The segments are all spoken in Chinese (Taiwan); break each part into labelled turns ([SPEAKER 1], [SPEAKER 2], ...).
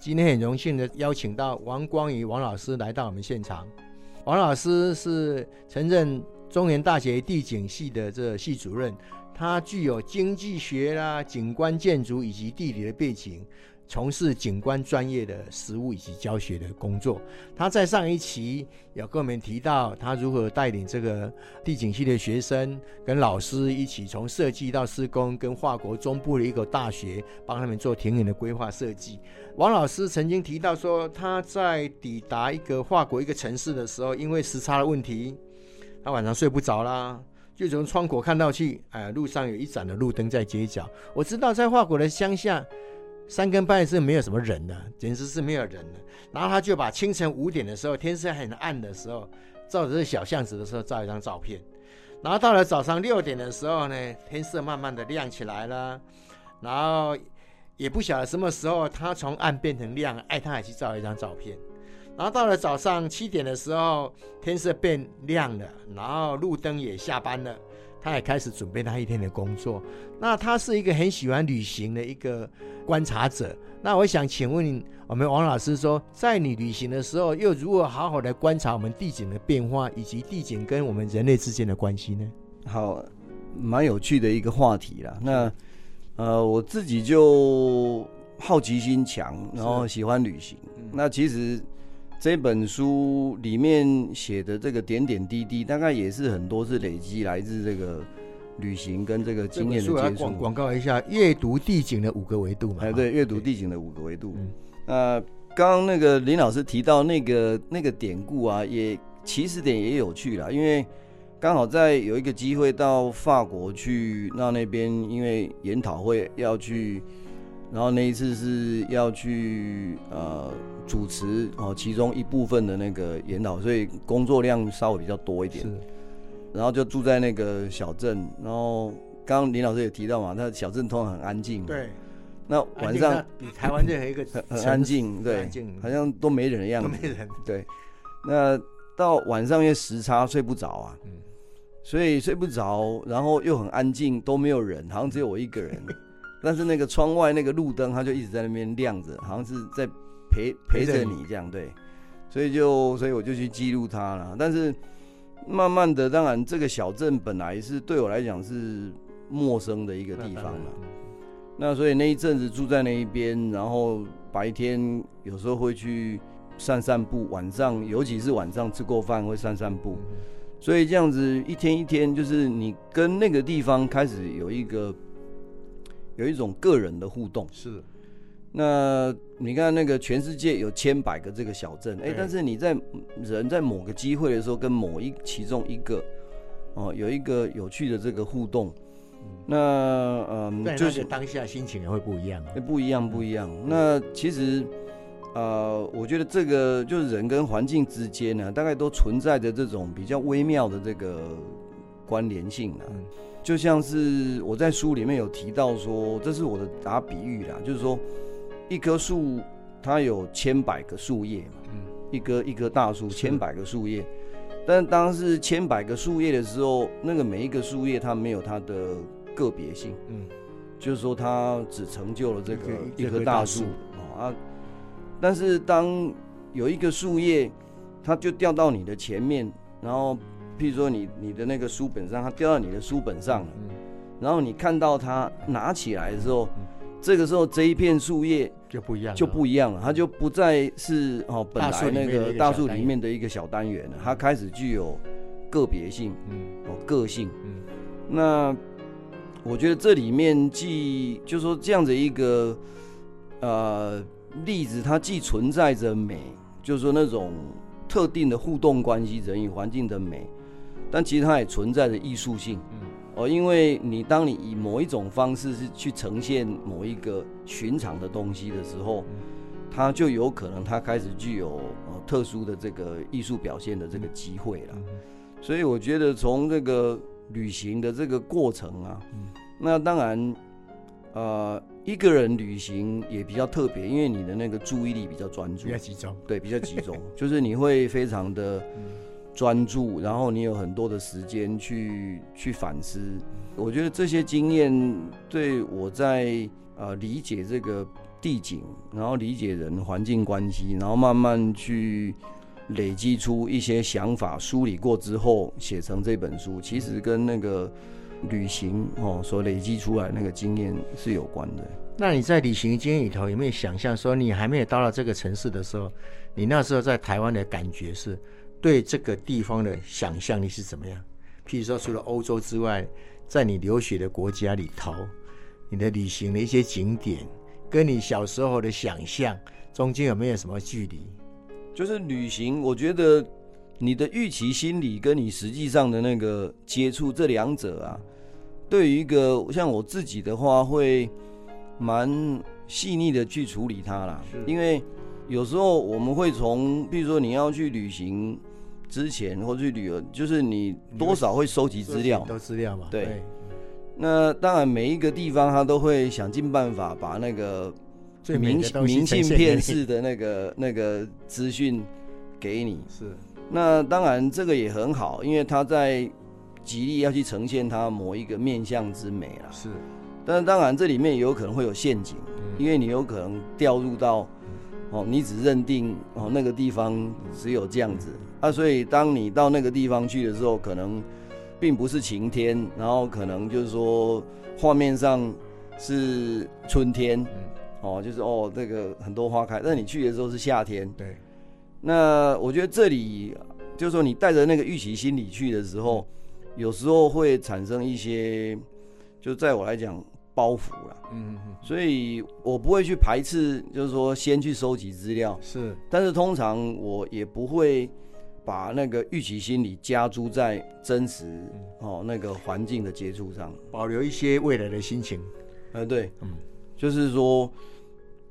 [SPEAKER 1] 今天很榮幸的邀請到王光宇王老師來到我們現場。王老師是曾任中原大學地景系的這個系主任，他具有經濟學啦、啊、景觀建築以及地理的背景。從事景觀專業的實務以及教學的工作。他在上一期有跟我們提到，他如何帶領這個地景系的學生跟老師一起從設計到施工，跟華國中部的一個大學幫他們做田園的規劃設計。王老師曾經提到說，他在抵達一個華國一個城市的時候，因為時差的問題，他晚上睡不着啦，就從窗口看到去，哎，路上有一盞的路燈在街角。我知道在華國的鄉下。三更半夜是沒有什麼人的，啊，簡直是沒有人的，啊。然後他就把清晨五點的時候，天色很暗的時候，照着這小巷子的時候，照一張照片。然後到了早上六點的時候呢，天色慢慢的亮起來了，然後也不曉得什麼時候，他從暗變成亮，哎，他還去照一張照片。然後到了早上七點的時候，天色變亮了，然後路燈也下班了。他也開始準備他一天的工作。那他是一個很喜歡旅行的一個觀察者。那我想請問我們王老師說，在你旅行的時候，又如何好好的觀察我們地景的變化，以及地景跟我們人類之間的關係呢？
[SPEAKER 2] 好，蠻有趣的一個話題啦。那呃，我自己就好奇心強，然後、哦、喜歡旅行。嗯、那其實。這本書裡面寫的這個點點滴滴，大概也是很多是累積來自這個旅行跟這個經驗的接觸。這個是我要
[SPEAKER 1] 廣告一下，閱讀地景的五個維度嘛。啊，對，閱讀地景的五個維度。
[SPEAKER 2] 呃，剛剛那個林老師提到那個那個典故啊，也起始點也有趣啦，因為剛好在有一個機會到法國去，那那邊因為研討會要去。然後那一次是要去呃主持哦其中一部分的那個研討，所以工作量稍微比較多一點。是。然後就住在那個小鎮，然後剛剛林老師也提到嘛，那小鎮通常很安靜。對。那晚上比台灣任何一個很，很安靜，對，好像都沒人的樣子。都沒人。對。那到晚上因為時差睡不着啊，嗯，所以睡不着，然後又很安靜，都沒有人，好像只有我一個人。 但是那個窗外那個路燈，它就一直在那邊亮着，好像是在陪陪着你這樣。對，所以就所以我就去記錄它了。但是慢慢的，當然這個小鎮本來是對我來講是陌生的一個地方啦。那，那所以那一陣子住在那一邊，然後白天有時候會去散散步，晚上尤其是晚上吃過飯會散散步，嗯，所以這樣子一天一天，就是你跟那個地方開始有一個。有一種個人的互動是，那你看那個全世界有千百個這個小鎮，哎、欸，但是你在人在某個機會的時候，跟某一其中一個哦、呃，有一個有趣的這個互動，那嗯，就是、呃、當下心情也會不一樣、啊欸，不一樣，不一樣。嗯、那其實啊、呃，我覺得這個就是人跟環境之間呢，大概都存在着這種比較微妙的這個關聯性啊。嗯就像是我在書裡面有提到說，這是我的打比喻啦，就是說一棵樹它有千百個樹葉嘛，嗯，一棵一棵大樹千百個樹葉，但當是千百個樹葉的時候，那個每一個樹葉它沒有它的個別性，嗯，就是說它只成就了這個一棵大樹啊，但是當有一個樹葉它就掉到你的前面，然後。譬如說你，你你的那個書本上，它掉到你的書本上了、嗯，然後你看到它拿起來的時候，嗯、這個時候這一片樹葉就不一樣，就不一樣了，嗯、它就不再是哦本來那個大樹裡，裡面的一個小單元了，它開始具有個別性，嗯、哦個性。嗯、那我覺得這裡面既就說這樣的一個呃例子，它既存在着美，就是說那種特定的互動關係人與環境的美。但其實它也存在着藝術性，嗯，哦，因為你當你以某一種方式是去呈現某一個尋常的東西的時候、嗯，它就有可能它開始具有呃特殊的這個藝術表現的這個機會了、嗯。所以我覺得從這個旅行的這個過程啊、嗯，那當然，呃，一個人旅行也比較特別，因為你的那個注意力比較專注，比較集中，對，比較集中， 就是你會非常的。嗯專注，然後你有很多的時間去去反思。我覺得這些經驗對我在呃理解這個地景，然後理解人環境關係，然後慢慢去累積出一些想法，梳理過之後寫成這本書，其實跟那個
[SPEAKER 1] 旅行哦所累積出來那個經驗是有關的。那你在旅行經驗裡頭有沒有想象說你還沒有到了這個城市的時候，你那時候在台灣的感覺是？對這個地方的想象力是怎麼樣？譬如說，除了歐洲之外，在你留學的國家裡頭，你的旅行的一些景點，跟你小時候的想象中間有沒有什麼距離？
[SPEAKER 2] 就是旅行，我覺得你的預期心理跟你實際上的那個接觸，這兩者啊，對於一個像我自己的話，會蠻細膩的去處理它啦。因為有時候我們會從，譬如說你要去旅行。之前或去旅遊，就是你多少會收集資料，都、嗯、資料嘛？對。嗯、那當然，每一個地方他都會想盡辦法把那個最明明信片式的那個那個資訊給你。是。那當然，這個也很好，因為他在極力要去呈現他某一個面向之美啦。是。但當然，這裡面也有可能會有陷阱、嗯，因為你有可能掉入到。哦，你只認定哦那個地方只有這樣子、嗯、啊，所以當你到那個地方去的時候，可能並不是晴天，然後可能就是說畫面上是春天，嗯、哦，就是哦這、那個很多花開，但你去的時候是夏天。對，那我覺得這裡就是說你帶着那個預期心理去的時候、嗯，有時候會產生一些，就在我來講。包袱了，嗯，所以我不會去排斥，就是說先去收集資料是，但是通常我也不會把那個預期心理加諸在真實、嗯、哦，那個環境的接觸上，保留一些未來的心情。呃、對，嗯，就是說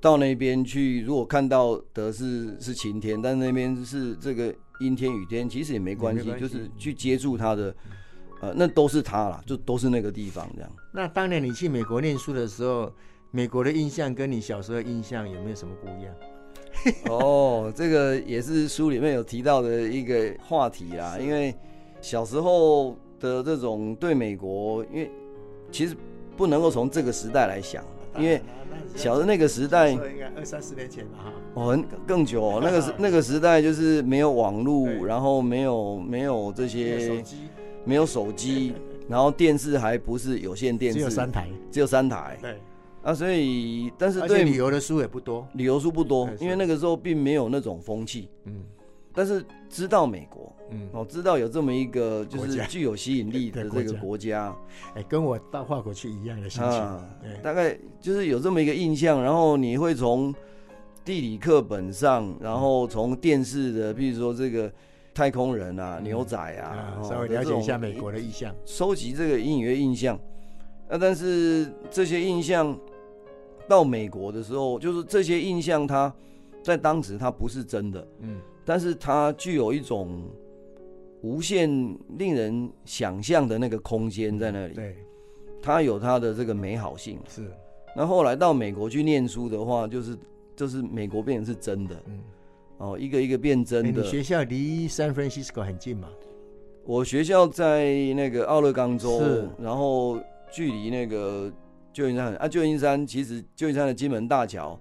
[SPEAKER 2] 到那邊去，如果看到的是是晴天，但那邊是這個陰天雨天，其實也沒關係，關係就是去接觸它的。嗯嗯。呃，那都是他啦，就都是那個地方這樣。
[SPEAKER 1] 那當年你去美國念書的時候，美國的印象跟你小時候的印象有沒有什麼不一樣？ 哦，這個也是書裡面
[SPEAKER 2] 有提到的一個話題啦。啊、因為小時候的這種對美國，因為其實不能夠從這個時代來想、啊，因為
[SPEAKER 1] 小的那個時代，應該二三十
[SPEAKER 2] 年前吧。哦，更更久哦， 那個時那個時代就是沒有網絡，然後沒有沒有這些沒有手機，然後電視還不是有線電視，只有三台，只有三台。
[SPEAKER 1] 對，
[SPEAKER 2] 啊，所以但是對旅遊的書也不多，旅遊書不多，因為那個時候並沒有那種風氣。嗯，但是知道美國，嗯，哦，知道有這麼一個就是具有吸引力的這個國家，
[SPEAKER 1] 哎、欸，跟我到法國去一樣的心情、啊
[SPEAKER 2] 對，大概就是有這麼一個印象，然後你會從地理課本上，然後從電視的，比如說這個。太空人啊，嗯、牛仔啊、嗯，稍微了解一下美國的印象，收集這個音樂印象、嗯。那但是這些印象到美國的時候，就是這些印象，它在當時它不是真的，嗯，但是它具有一種無限令人想象的那個空間在那裡、嗯，對，它有它的這個美好性、嗯、是。那後來到美國去念書的話，就是就是美國變成是真的，嗯。哦，一個一個變真的。欸，你學
[SPEAKER 1] 校離 San Francisco 很近嗎？
[SPEAKER 2] 我學校在那個奧勒岡州，是，然後距離那個舊金山啊，舊金山其實舊金山的金門大橋，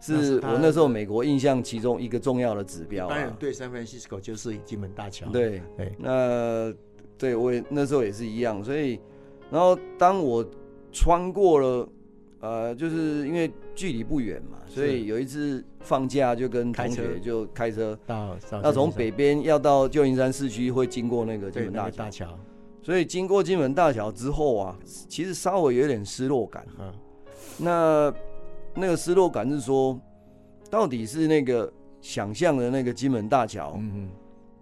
[SPEAKER 2] 是我那時候美國印象其中一個重要的指標然、啊、
[SPEAKER 1] 對，對，San Francisco 就是金門大橋。對，
[SPEAKER 2] 那對我也那時候也是一樣，所以，然後當我穿過了。呃，就是因為距離不遠嘛，所以有一次放假就跟同學就開車，到那從北邊要到舊金山市區會經過那個金門大橋，那個，所以經過金門大橋之後啊，其實稍微有點失落感，嗯。那那個失落感是說，到底是那個想象的那個金門大橋，嗯，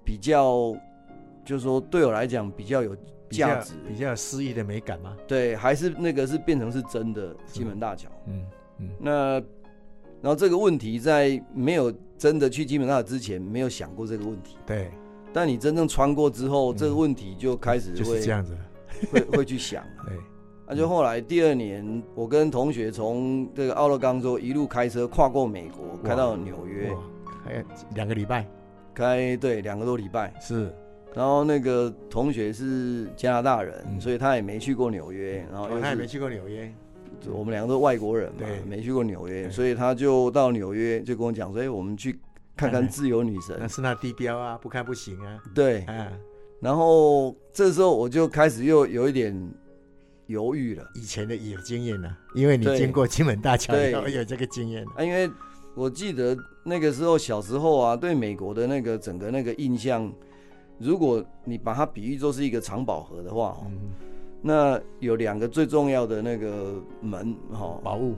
[SPEAKER 2] 比較，就是說對我來講比較有價值比較
[SPEAKER 1] 有詩意的美感嗎？
[SPEAKER 2] 對，還是那個是變成是真的是金門大橋？嗯嗯。那然後這個問題在沒有真的去金門大橋之前，沒有想過這個問題。對。但你真正穿過之後，嗯、這個問題就開始會就是這樣子，會 會去想了。對。那、啊、就後來第二年， 嗯、我跟同學從這個奧勒岡州一路開車跨過美國，開到紐約，哇，
[SPEAKER 1] 開兩個禮拜，開，
[SPEAKER 2] 對，兩個多禮拜是。然後那個同學是加拿大人，嗯、所以他也沒去過紐約、嗯。然後他也沒去過紐約。我們兩個都是外國人嘛，嗯、沒去過紐約，所以他就到紐約就跟我講：“所、欸、以我們去看看自由女神，哎、
[SPEAKER 1] 那是那地標啊，不看不行啊。”對。啊。
[SPEAKER 2] 然後這時候我就開始又有一點猶豫了。以前的也有經驗呢，因為你經過金門大橋有有這個經驗啊，因為我記得那個時候小時候啊，對美國的那個整個那個印象。如果你把它比喻作是一個藏寶盒的話，嗯、那有兩個最重要的那個門哈，寶物，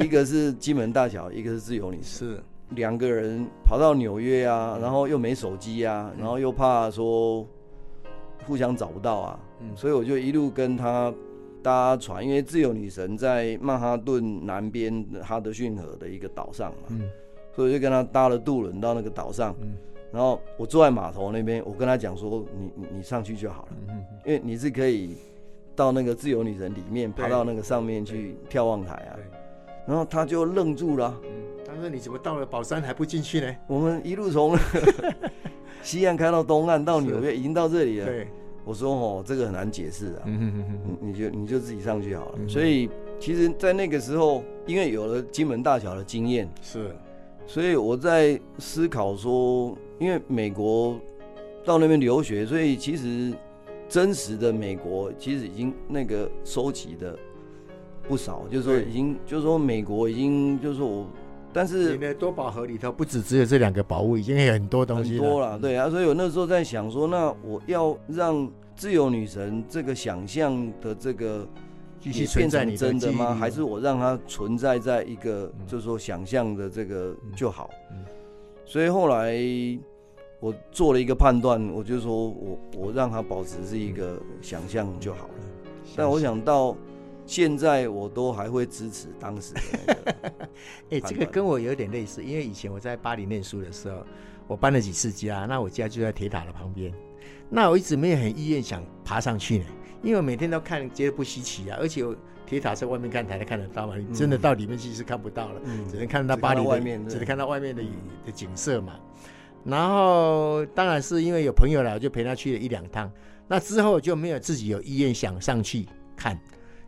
[SPEAKER 2] 一個是金門大橋， 一個是自由女神。是兩個人跑到紐約啊，然後又沒手機啊、嗯，然後又怕說互相找不到啊、嗯，所以我就一路跟他搭船，因為自由女神在曼哈頓南邊哈德遜河的一個島上嘛、嗯，所以就跟他搭了渡輪到那個島上。嗯然後我坐在碼頭那邊，我跟他講說你：“你你上去就好了，嗯，因為你是可以到那個自由女神裡面爬到那個上面去眺望台啊。”然後他就愣住了，啊，
[SPEAKER 1] 他，嗯，說：“你怎麼到了寶山還不進去呢？”
[SPEAKER 2] 我們一路從 西岸開到東岸，到紐約，啊，已經到這裡了。對我說：“哦，這個很難解釋啊，嗯，你就你就自己上去好了。嗯”所以其實，在那個時候，因為有了金門大橋的經驗是，啊。所以我在思考說，因為美國到那邊留學，所以其實真實的美國其實已經那個收集的不少，就是說，已經，就說已經，就是說美國已經就是說我，但是你的多寶盒裡頭
[SPEAKER 1] 不只只有這兩個寶物，已經有很多東西了很多啦。
[SPEAKER 2] 對啊，所以我那時候在想說，那我要讓自由女神這個想象的這個。續存在你變成真的嗎？還是我讓它存在在一個，就是說想象的這個就好。所以後來我做了一個判斷，我就說我我讓它保持是一個想象就好
[SPEAKER 1] 了。但我想到現在我都還會支持當時的。 欸、這個跟我有點類似，因為以前我在巴黎念書的時候，我搬了幾次家，那我家就在鐵塔的旁邊，那我一直沒有很意願想爬上去呢。因為每天都看，覺得不稀奇啊，而且我鐵塔在外面看才能看得到嘛，嗯，真的到裡面去是看不到了，嗯，只能看到巴黎的，只能看到外面，到外面的、嗯、的景色嘛。然後當然是因為有朋友來，我就陪他去了一兩趟。那之後就沒有自己有意願想上去看，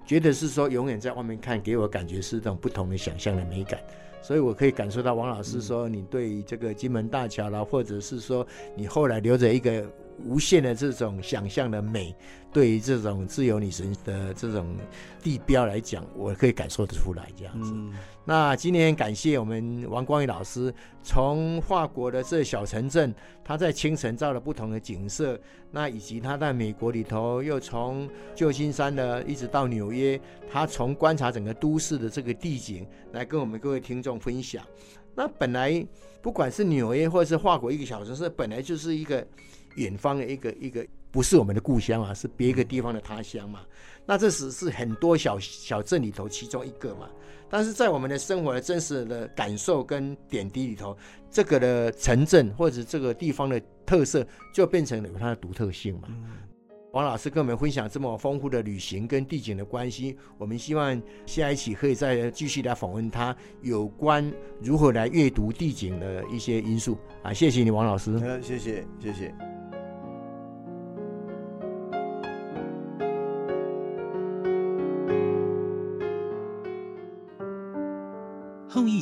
[SPEAKER 1] 覺得是說永遠在外面看，給我感覺是種不同的想象的美感。所以我可以感受到王老師說，嗯、你對這個金門大橋啦，或者是說你後來留着一個。無限的這種想象的美，對於這種自由女神的這種地標來講，我可以感受得出來這樣子、嗯。那今天感謝我們王光宇老師，從法國的這小城鎮，他在清晨照了不同的景色，那以及他在美國裡頭，又從舊金山的一直到紐約，他從觀察整個都市的這個地景來跟我們各位聽眾分享。那本來不管是紐約或者是法國一個小城市，本來就是一個。遠方的一個一個不是我們的故鄉啊，是別一個地方的他鄉嘛。那這是是很多小小鎮裡頭其中一個嘛。但是在我們的生活的真實的感受跟點滴裡頭，這個的城鎮或者這個地方的特色，就變成了有它的獨特性嘛、嗯。王老師跟我們分享這麼豐富的旅行跟地景的關係，我們希望下一期可以再繼續來訪問他，有關如何來閱讀地景的一些因素啊。謝謝你，王老師。謝、嗯、謝
[SPEAKER 2] 謝謝。謝謝